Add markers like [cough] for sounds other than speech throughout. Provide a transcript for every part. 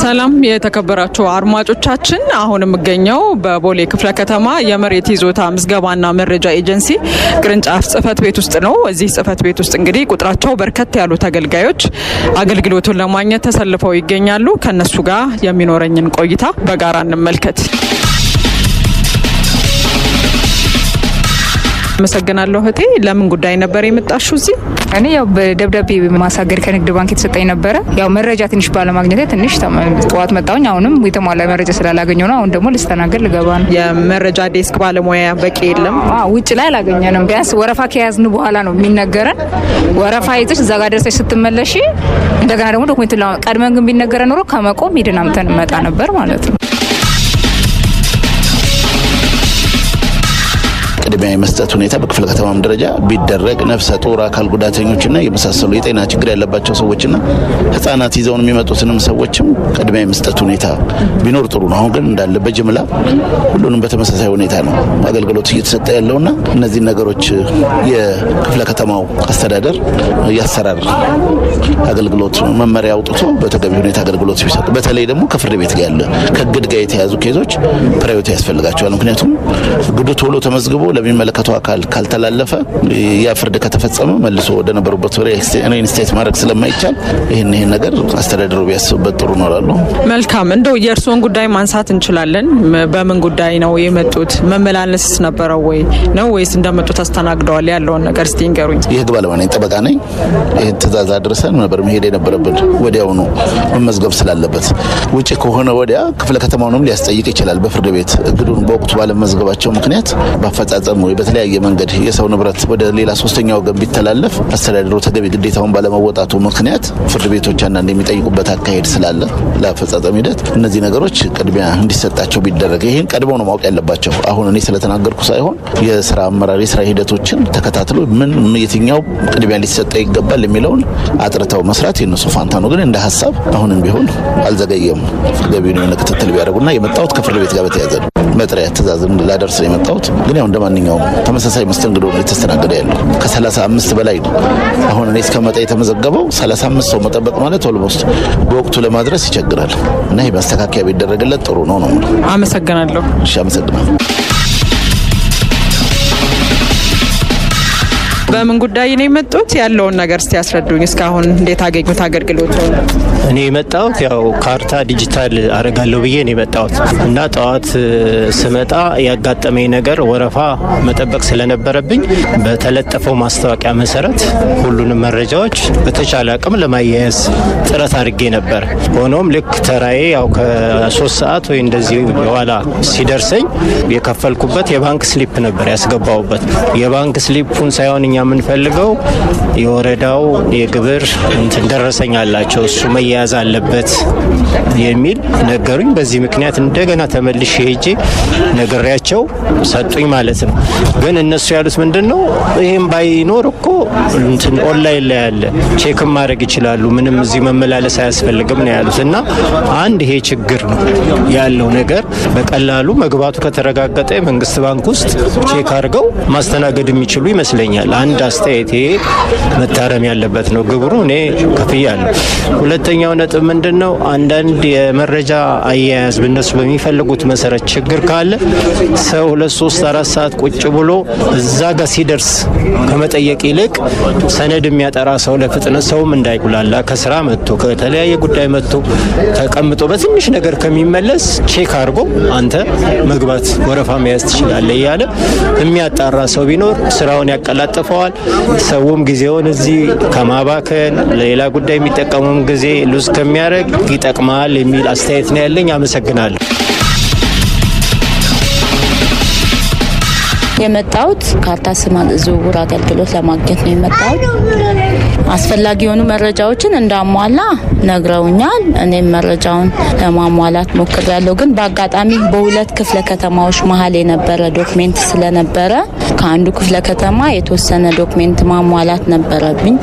ሰላም የተከበራችሁ አድማጮቻችን፣ አሁን የምገኘው በቦሌ ክፍለ ከተማ የመሬት ይዞታ ምዝገባና መረጃ ኤጀንሲ ቅርንጫፍ ጽህፈት ቤት ውስጥ ነው። እዚህ ጽህፈት ቤት ውስጥ እንግዲህ ቁጥራቸው በርከት ያሉ ተገልጋዮች አገልግሎቱን ለማግኘት ተሰልፈው ይገኛሉ። ከነሱ ጋር የሚኖረኝን ቆይታ በጋራ እንመልከት። አመሰግናለሁ እህቴ። ለምን ጉዳይ ነበር የመጣሽው እዚህ? እኔ ያው በደብዳቤ ማሳገድ ከንግድ ባንክ የተሰጠኝ ነበረ። ያው መረጃ ትንሽ ባለማግኘት ትንሽ ጠዋት መጣሁኝ። አሁንም የተሟላ መረጃ ስላላገኘ ነው። አሁን ደግሞ ልስተናገድ ልገባ ነው። የመረጃ ዴስክ ባለሙያ በቂ የለም። ውጭ ላይ አላገኘንም። ቢያንስ ወረፋ ከያዝን በኋላ ነው የሚነገረን። ወረፋ ይዘሽ እዛ ጋር ደርሰሽ ስትመለሽ እንደገና ደግሞ ዶክሜንቱን ቀድመን ግን ቢነገረን ኖሮ ከመቆም ሂድን አምተን እንመጣ ነበር ማለት ነው። ቅድሚያ የመስጠት ሁኔታ በክፍለ ከተማም ደረጃ ቢደረግ ነፍሰ ጡር፣ አካል ጉዳተኞችና የመሳሰሉ የጤና ችግር ያለባቸው ሰዎችና ህጻናት ይዘውን የሚመጡትንም ሰዎችም ቅድሚያ የመስጠት ሁኔታ ቢኖር ጥሩ ነው። አሁን ግን እንዳለ በጅምላ ሁሉንም በተመሳሳይ ሁኔታ ነው አገልግሎት እየተሰጠ ያለውና እነዚህ ነገሮች የክፍለ ከተማው አስተዳደር ያሰራር አገልግሎት መመሪያ አውጥቶ በተገቢ ሁኔታ አገልግሎት ቢሰጥ፣ በተለይ ደግሞ ከፍርድ ቤት ጋር ያለ ከግድ ጋር የተያዙ ኬዞች ፕራዮሪቲ ያስፈልጋቸዋል። ምክንያቱም ግዱ ቶሎ ተመዝግቦ ለሚመለከተው አካል ካልተላለፈ ያ ፍርድ ከተፈጸመ መልሶ ወደ ነበሩበት ሪኢንስቴት ማድረግ ስለማይቻል ይህን ይህን ነገር አስተዳደሩ ቢያስብበት ጥሩ ኖራሉ። መልካም እንደው የእርስዎን ጉዳይ ማንሳት እንችላለን። በምን ጉዳይ ነው የመጡት? መመላለስ ነበረው ወይ ነው ወይስ እንደመጡ ተስተናግደዋል? ያለውን ነገር እስቲ ንገሩኝ። የህግ ባለሙያ ነኝ፣ ጠበቃ ነኝ። ይህ ትእዛዝ አድርሰን ነበር መሄድ የነበረብን ወዲያውኑ መመዝገብ ስላለበት ውጭ ከሆነ ወዲያ ክፍለ ከተማውንም ሊያስጠይቅ ይችላል። በፍርድ ቤት እግዱን በወቅቱ ባለመዝገባቸው ምክንያት በአፈጻጸ በመግጠም ወይ በተለያየ መንገድ የሰው ንብረት ወደ ሌላ ሶስተኛ ወገን ቢተላለፍ አስተዳደሩ ተገቢ ግዴታውን ባለመወጣቱ ምክንያት ፍርድ ቤቶች አንዳንድ የሚጠይቁበት አካሄድ ስላለ ለአፈጻጸም ሂደት እነዚህ ነገሮች ቅድሚያ እንዲሰጣቸው ቢደረግ ይህን ቀድሞ ነው ማወቅ ያለባቸው። አሁን እኔ ስለተናገርኩ ሳይሆን የስራ አመራር የስራ ሂደቶችን ተከታትሎ ምን የትኛው ቅድሚያ ሊሰጠ ይገባል የሚለውን አጥርተው መስራት የነሱ ፋንታ ነው። ግን እንደ ሀሳብ አሁንም ቢሆን አልዘገየም። ገቢውን የሆነ ክትትል ቢያደርጉና የመጣሁት ከፍርድ ቤት ጋር በተያያዘ ነው። መጥሪያ ትእዛዝም ላደርስ ነው የመጣሁት። ግን ያው እንደ ማንኛውም ተመሳሳይ መስተንግዶ የተስተናገደ ያለው ከ35 በላይ ነው። አሁን እኔ እስከመጣ የተመዘገበው 35 ሰው መጠበቅ ማለት ኦልሞስት በወቅቱ ለማድረስ ይቸግራል እና ይህ ማስተካከያ ቢደረግለት ጥሩ ነው ነው። አመሰግናለሁ። እሺ አመሰግናለሁ። በምን ጉዳይ ነው የመጡት? ያለውን ነገር እስቲ ያስረዱኝ። እስካሁን እንዴት አገኙት አገልግሎት? እኔ የመጣሁት ያው ካርታ ዲጂታል አረጋለሁ ብዬ ነው የመጣሁት እና ጠዋት ስመጣ ያጋጠመኝ ነገር ወረፋ መጠበቅ ስለነበረብኝ በተለጠፈው ማስታወቂያ መሰረት ሁሉንም መረጃዎች በተቻለ አቅም ለማያያዝ ጥረት አድርጌ ነበር። ሆኖም ልክ ተራዬ ያው ከሶስት ሰዓት ወይ እንደዚህ የኋላ ሲደርሰኝ የከፈልኩበት የባንክ ስሊፕ ነበር ያስገባሁበት። የባንክ ስሊፑን ሳይሆን እኛ የምንፈልገው የወረዳው የግብር እንትን ደረሰኛላቸው አላቸው እሱ መያዝ አለበት የሚል ነገሩኝ። በዚህ ምክንያት እንደገና ተመልሼ ሄጄ ነግሬያቸው ሰጡኝ ማለት ነው። ግን እነሱ ያሉት ምንድን ነው? ይህም ባይኖር እኮ ኦንላይን ላይ ያለ ቼክም ማድረግ ይችላሉ፣ ምንም እዚህ መመላለስ አያስፈልግም ነው ያሉት። እና አንድ ይሄ ችግር ነው ያለው ነገር በቀላሉ መግባቱ ከተረጋገጠ የመንግስት ባንክ ውስጥ ቼክ አድርገው ማስተናገድ የሚችሉ ይመስለኛል። አንድ አስተያየት ይሄ መታረም ያለበት ነው ግብሩ። እኔ ከፍያለሁ። ሁለተኛ ሁለተኛው ነጥብ ምንድን ነው? አንዳንድ የመረጃ አያያዝ በነሱ በሚፈልጉት መሰረት ችግር ካለ ሰው ሁለት ሶስት አራት ሰዓት ቁጭ ብሎ እዛ ጋር ሲደርስ ከመጠየቅ ይልቅ ሰነድ የሚያጠራ ሰው ለፍጥነት ሰውም እንዳይጉላላ ከስራ መጥቶ ከተለያየ ጉዳይ መጥቶ ተቀምጦ በትንሽ ነገር ከሚመለስ ቼክ አድርጎ አንተ መግባት ወረፋ መያዝ ትችላለ እያለ የሚያጣራ ሰው ቢኖር ስራውን ያቀላጥፈዋል። ሰውም ጊዜውን እዚህ ከማባከን ሌላ ጉዳይ የሚጠቀሙም ጊዜ ሉዝ ከሚያደርግ ይጠቅማል የሚል አስተያየት ነው ያለኝ። አመሰግናለሁ። የመጣሁት ካርታ ስማ ዝውውር አገልግሎት ለማግኘት ነው የመጣሁት። አስፈላጊ የሆኑ መረጃዎችን እንዳሟላ ነግረውኛል። እኔም መረጃውን ለማሟላት ሞክሬያለሁ። ግን በአጋጣሚ በሁለት ክፍለ ከተማዎች መሀል የነበረ ዶክሜንት ስለነበረ ከአንዱ ክፍለ ከተማ የተወሰነ ዶክሜንት ማሟላት ነበረብኝ።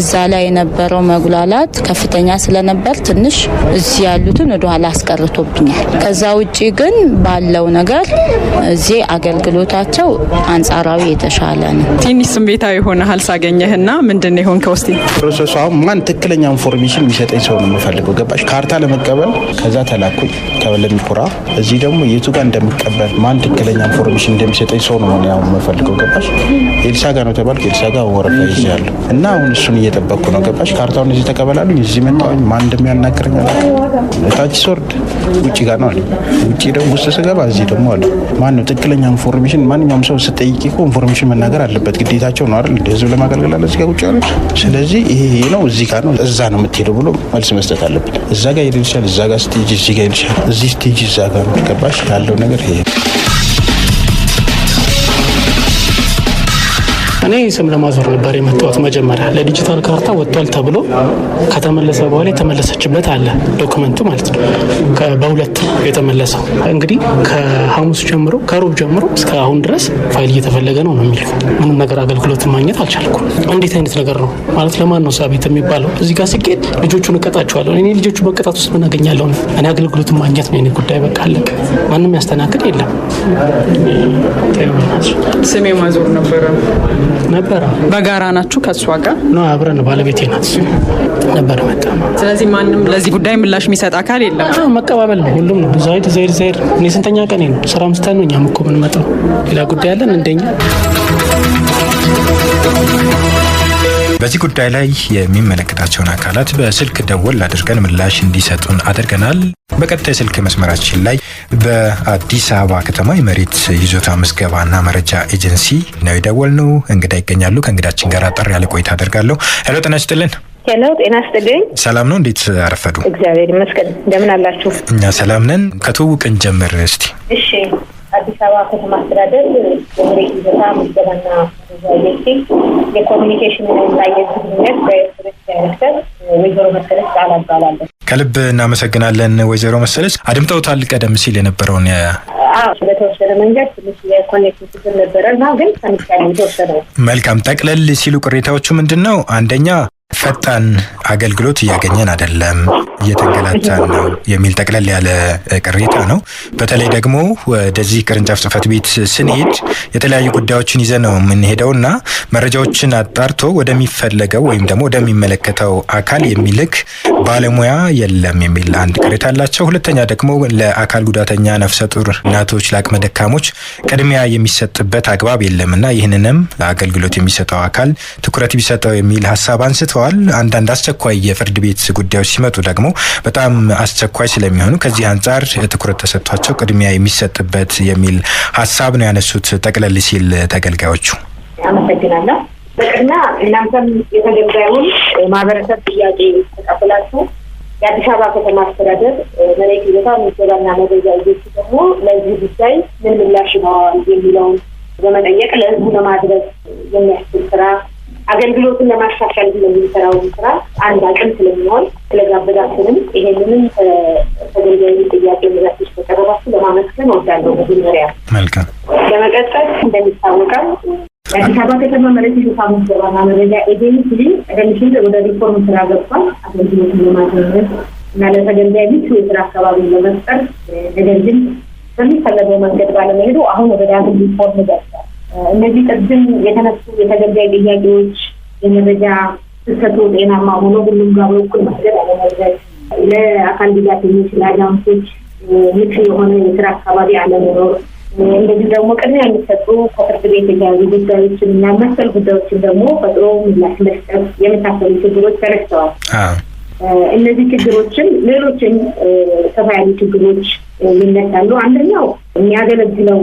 እዛ ላይ የነበረው መጉላላት ከፍተኛ ስለነበር ትንሽ እዚህ ያሉትን ወደኋላ አስቀርቶብኛል። ከዛ ውጭ ግን ባለው ነገር እዚህ አገልግሎታቸው አንጻራዊ የተሻለ ነው። ትንሽ ስሜታዊ ሆነሃል ሳገኘህና ምንድን የሆንከው ውስጥ ፕሮሰሱ አሁን ማን ትክክለኛ ኢንፎርሜሽን የሚሰጠኝ ሰው ነው የምፈልገው። ገባሽ? ካርታ ለመቀበል ከዛ ተላኩኝ ከለሚኩራ እዚህ ደግሞ የቱ ጋር እንደምቀበል ማን ትክክለኛ ኢንፎርሜሽን እንደሚሰጠኝ ሰው ነው ያው የምፈልገው። ገባሽ? ኤልሳ ጋር ነው ተባልኩ። ኤልሳ ጋር ወረፋ ይዤ ያለሁ እና አሁን እሱን እየጠበቅኩ ነው። ገባሽ? ካርታውን እዚህ ተቀበላሉኝ። እዚህ መጣሁኝ። ማን እንደሚያናግረኝ አላውቅም። ታች ስወርድ ውጭ ጋር ነው አለ። ውጭ ደግሞ ውስጥ ስገባ እዚህ ደግሞ አለ። ማን ነው ትክክለኛ ኢንፎርሜሽን? ማንኛውም ሰው ስጠይቅ እኮ ኢንፎርሜሽን መናገር አለበት ግዴታቸው ነው አይደል? ህዝብ ለማገልገል አለ እዚህ ጋር ውጭ ያሉት ስለዚህ ይሄ ነው እዚህ ጋር ነው እዛ ነው የምትሄደው ብሎ መልስ መስጠት አለብን። እዛ ጋር ሄደ ይልሻል፣ እዛ ጋር ስቴጅ፣ እዚህ ጋር ይልሻል፣ እዚህ ስቴጅ፣ እዛ ጋር ነው ገባሽ ያለው ነገር ይሄ እኔ ስም ለማዞር ነበር የመጣሁት። መጀመሪያ ለዲጂታል ካርታ ወጥቷል ተብሎ ከተመለሰ በኋላ የተመለሰችበት አለ ዶክመንቱ ማለት ነው። በሁለት የተመለሰው እንግዲህ ከሐሙስ ጀምሮ ከሮብ ጀምሮ እስከ አሁን ድረስ ፋይል እየተፈለገ ነው ነው የሚለው ምንም ነገር አገልግሎት ማግኘት አልቻልኩም። እንዴት አይነት ነገር ነው ማለት ለማን ነው ሳቤት የሚባለው? እዚህ ጋር ሲኬድ ልጆቹን እቀጣቸዋለሁ። እኔ ልጆቹ በቅጣት ውስጥ ምን አገኛለሁ? እኔ አገልግሎት ማግኘት ነው የእኔ ጉዳይ። በቃ አለቀ። ማንም ያስተናግድ የለም። ስሜ ማዞር ነበረ ነበር። በጋራ ናችሁ ከእሷ ጋር ነው? አብረን ባለቤቴ ናት ነበር መጣ። ስለዚህ ማንም ለዚህ ጉዳይ ምላሽ የሚሰጥ አካል የለም። መቀባበል ነው ሁሉም ነው። ዛይድ ዛይድ ዛይድ። እኔ ስንተኛ ቀን ነው? ስራ ምስተን ነው። እኛም እኮ ምንመጣው ሌላ ጉዳይ አለን እንደኛ በዚህ ጉዳይ ላይ የሚመለከታቸውን አካላት በስልክ ደወል አድርገን ምላሽ እንዲሰጡን አድርገናል። በቀጥታ የስልክ መስመራችን ላይ በአዲስ አበባ ከተማ የመሬት ይዞታ ምዝገባና መረጃ ኤጀንሲ ነው የደወልነው። እንግዳ ይገኛሉ። ከእንግዳችን ጋር አጠር ያለ ቆይታ አደርጋለሁ። ሄሎ፣ ጤና ይስጥልን። ሄሎ፣ ጤና ይስጥልኝ። ሰላም ነው? እንዴት አረፈዱ? እግዚአብሔር ይመስገን። እንደምን አላችሁ? እኛ ሰላም ነን። ከትውውቅ እንጀምር እስቲ። እሺ የአዲስ አበባ ከተማ አስተዳደር የመሬት ይዞታ ምዝገባና ኤጀንሲ የኮሚኒኬሽን እና የህዝብ ግንኙነት ዳይሬክተር ወይዘሮ መሰለች ቃል አባላለን። ከልብ እናመሰግናለን ወይዘሮ መሰለች። አድምጠውታል ቀደም ሲል የነበረውን በተወሰነ መንገድ ትንሽ የኮኔክት ስል ነበረ እና ግን ተምቻለ የተወሰነ መልካም ጠቅለል ሲሉ ቅሬታዎቹ ምንድን ነው አንደኛ ፈጣን አገልግሎት እያገኘን አይደለም፣ እየተንገላታን ነው የሚል ጠቅለል ያለ ቅሬታ ነው። በተለይ ደግሞ ወደዚህ ቅርንጫፍ ጽህፈት ቤት ስንሄድ የተለያዩ ጉዳዮችን ይዘን ነው የምንሄደው እና መረጃዎችን አጣርቶ ወደሚፈለገው ወይም ደግሞ ወደሚመለከተው አካል የሚልክ ባለሙያ የለም የሚል አንድ ቅሬታ አላቸው። ሁለተኛ ደግሞ ለአካል ጉዳተኛ፣ ነፍሰ ጡር እናቶች፣ ለአቅመ ደካሞች ቅድሚያ የሚሰጥበት አግባብ የለም እና ይህንንም አገልግሎት የሚሰጠው አካል ትኩረት ቢሰጠው የሚል ሀሳብ አንስቶ ተነስተዋል። አንዳንድ አስቸኳይ የፍርድ ቤት ጉዳዮች ሲመጡ ደግሞ በጣም አስቸኳይ ስለሚሆኑ ከዚህ አንጻር ትኩረት ተሰጥቷቸው ቅድሚያ የሚሰጥበት የሚል ሀሳብ ነው ያነሱት። ጠቅለል ሲል ተገልጋዮቹ አመሰግናለሁ። እና እናንተም የተገልጋዩን ማህበረሰብ ጥያቄ ተቀብላችሁ የአዲስ አበባ ከተማ አስተዳደር መሬት ይዞታ ምዝገባና መረጃ ይዞች ደግሞ ለዚህ ጉዳይ ምን ምላሽ ይኖረዋል የሚለውን በመጠየቅ ለህዝቡ ለማድረስ የሚያስችል ስራ አገልግሎትን ለማሻሻል የሚሰራው ስራ አንድ አቅም ስለሚሆን ስለጋበዛችንም ይሄንንም ተገልጋዩ ጥያቄ መዛቶች ተቀረባችሁ ለማመስገን ወዳለው መጀመሪያ መልካም። ለመቀጠል እንደሚታወቀው የአዲስ አበባ ከተማ መሬት ይዞታ ምዝገባና መረጃ ኤጀንሲ ቀደም ወደ ሪፎርም ስራ ገብቷል። አገልግሎትን ለማዘመን እና ለተገልጋይ ምቹ የስራ አካባቢ ለመፍጠር ነገር ግን በሚፈለገው መንገድ ባለመሄዱ አሁን ወደ ዳግም ሪፎርም ገብቷል። እነዚህ ቅድም የተነሱ የተገዳይ ጥያቄዎች የመረጃ ፍሰቱ ጤናማ ሆኖ ሁሉም ጋር በኩል መስገድ አለመድረስ፣ ለአካል ጉዳተኞች ለአጃንሶች ምቹ የሆነ የስራ አካባቢ አለመኖር፣ እንደዚህ ደግሞ ቅድሚያ የሚሰጡ ከፍርድ ቤት የተያዙ ጉዳዮችን እና መሰል ጉዳዮችን ደግሞ ፈጥሮ ምላሽ መስጠት የመሳሰሉ ችግሮች ተነስተዋል። እነዚህ ችግሮችን ሌሎችን ሰፋ ያሉ ችግሮች ይነሳሉ። አንደኛው የሚያገለግለው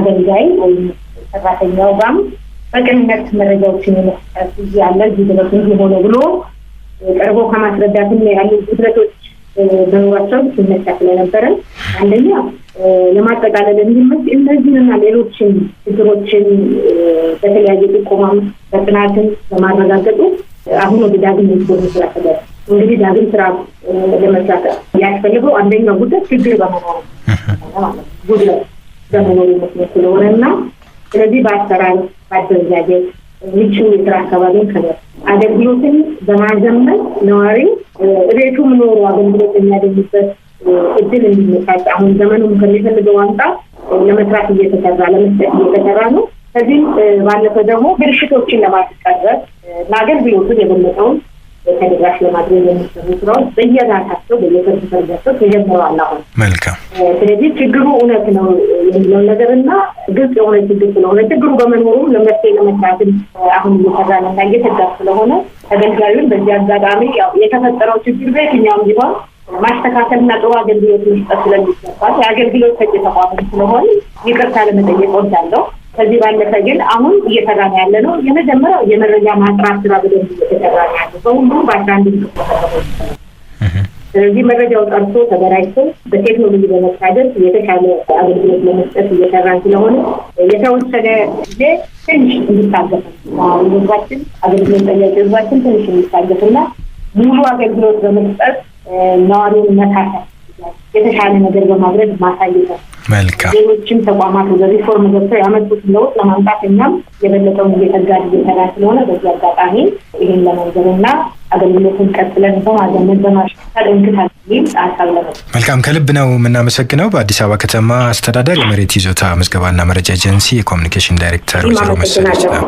አገልጋይ ወይም ሰራተኛው ጋም በቅንነት መረጃዎችን የመስጠት እዚህ ያለ እዚህ ድረስ እንዲህ ሆነ ብሎ ቀርቦ ከማስረዳትም ያሉ ጉድለቶች በኑሯቸው ሲነሳ ስለነበረ አንደኛ ለማጠቃለል እንዲመች እነዚህንና ሌሎችን ችግሮችን በተለያየ ጥቆማም በጥናትን በማረጋገጡ አሁን ወደ ዳግም ሚስቦን ስራ እንግዲህ ዳግም ስራ ለመስራት ያስፈልገው አንደኛው ጉዳይ ችግር በመኖሩ [laughs] ጉድለት በመኖሩ ስለሆነ እና ስለዚህ በአሰራር በአደረጃጀት ምቹ የስራ አካባቢ ከበር አገልግሎትን በማዘመን ነዋሪ እቤቱም ኖሮ አገልግሎት የሚያገኝበት እድል እንዲመጣጭ አሁን ዘመኑም ከሚፈልገው አንጻር ለመስራት እየተሰራ ለመስጠት እየተሰራ ነው። ከዚህም ባለፈ ደግሞ ብልሽቶችን ለማስቀረት ለአገልግሎቱን የበለጠውን ተደራሽ ለማድረግ የሚሰሩ ስራዎች በየራሳቸው በየፈርስ ፈርጃቸው ተጀምረዋል። አሁን መልካም። ስለዚህ ችግሩ እውነት ነው የሚለው ነገር እና ግልጽ የሆነ ችግር ስለሆነ ችግሩ በመኖሩም ለመፍትሄ ለመስራትም አሁን እየሰራ እና እየተጋ ስለሆነ ተገልጋዩን በዚህ አጋጣሚ የተፈጠረው ችግር በየትኛውም ቢሆን ማስተካከልና ጥሩ አገልግሎት መስጠት ስለሚገባል የአገልግሎት ሰጪ ተቋም ስለሆን ይቅርታ ለመጠየቅ ወዳለው ከዚህ ባለፈ ግን አሁን እየሰራ ነው ያለ ነው። የመጀመሪያው የመረጃ ማጥራት ስራ በደንብ እየተሰራ ነው ያለ በሁሉም በአስራ አንድ ስለዚህ መረጃው ጠርቶ ተደራጅቶ በቴክኖሎጂ በመታደር የተሻለ አገልግሎት ለመስጠት እየሰራ ስለሆነ የተወሰነ ጊዜ ትንሽ እንዲታገፍ ህዝባችን አገልግሎት ጠያቂ ህዝባችን ትንሽ እንዲታገፍና ሙሉ አገልግሎት በመስጠት ነዋሪውን መካከል የተሻለ ነገር በማድረግ ማሳየት መልካም ሌሎችም ተቋማት ወደ ሪፎርም ገብተው ያመጡት ለውጥ ለማምጣት እኛም የበለጠውን እየተጋድ እየሰራ ስለሆነ በዚህ አጋጣሚ ይህን ና አገልግሎትን ቀጥለን በማዘመን በማሻሻል እንክታል መልካም ከልብ ነው የምናመሰግነው። በአዲስ አበባ ከተማ አስተዳደር የመሬት ይዞታ ምዝገባና መረጃ ኤጀንሲ የኮሚኒኬሽን ዳይሬክተር ወይዘሮ መሰለች ነው።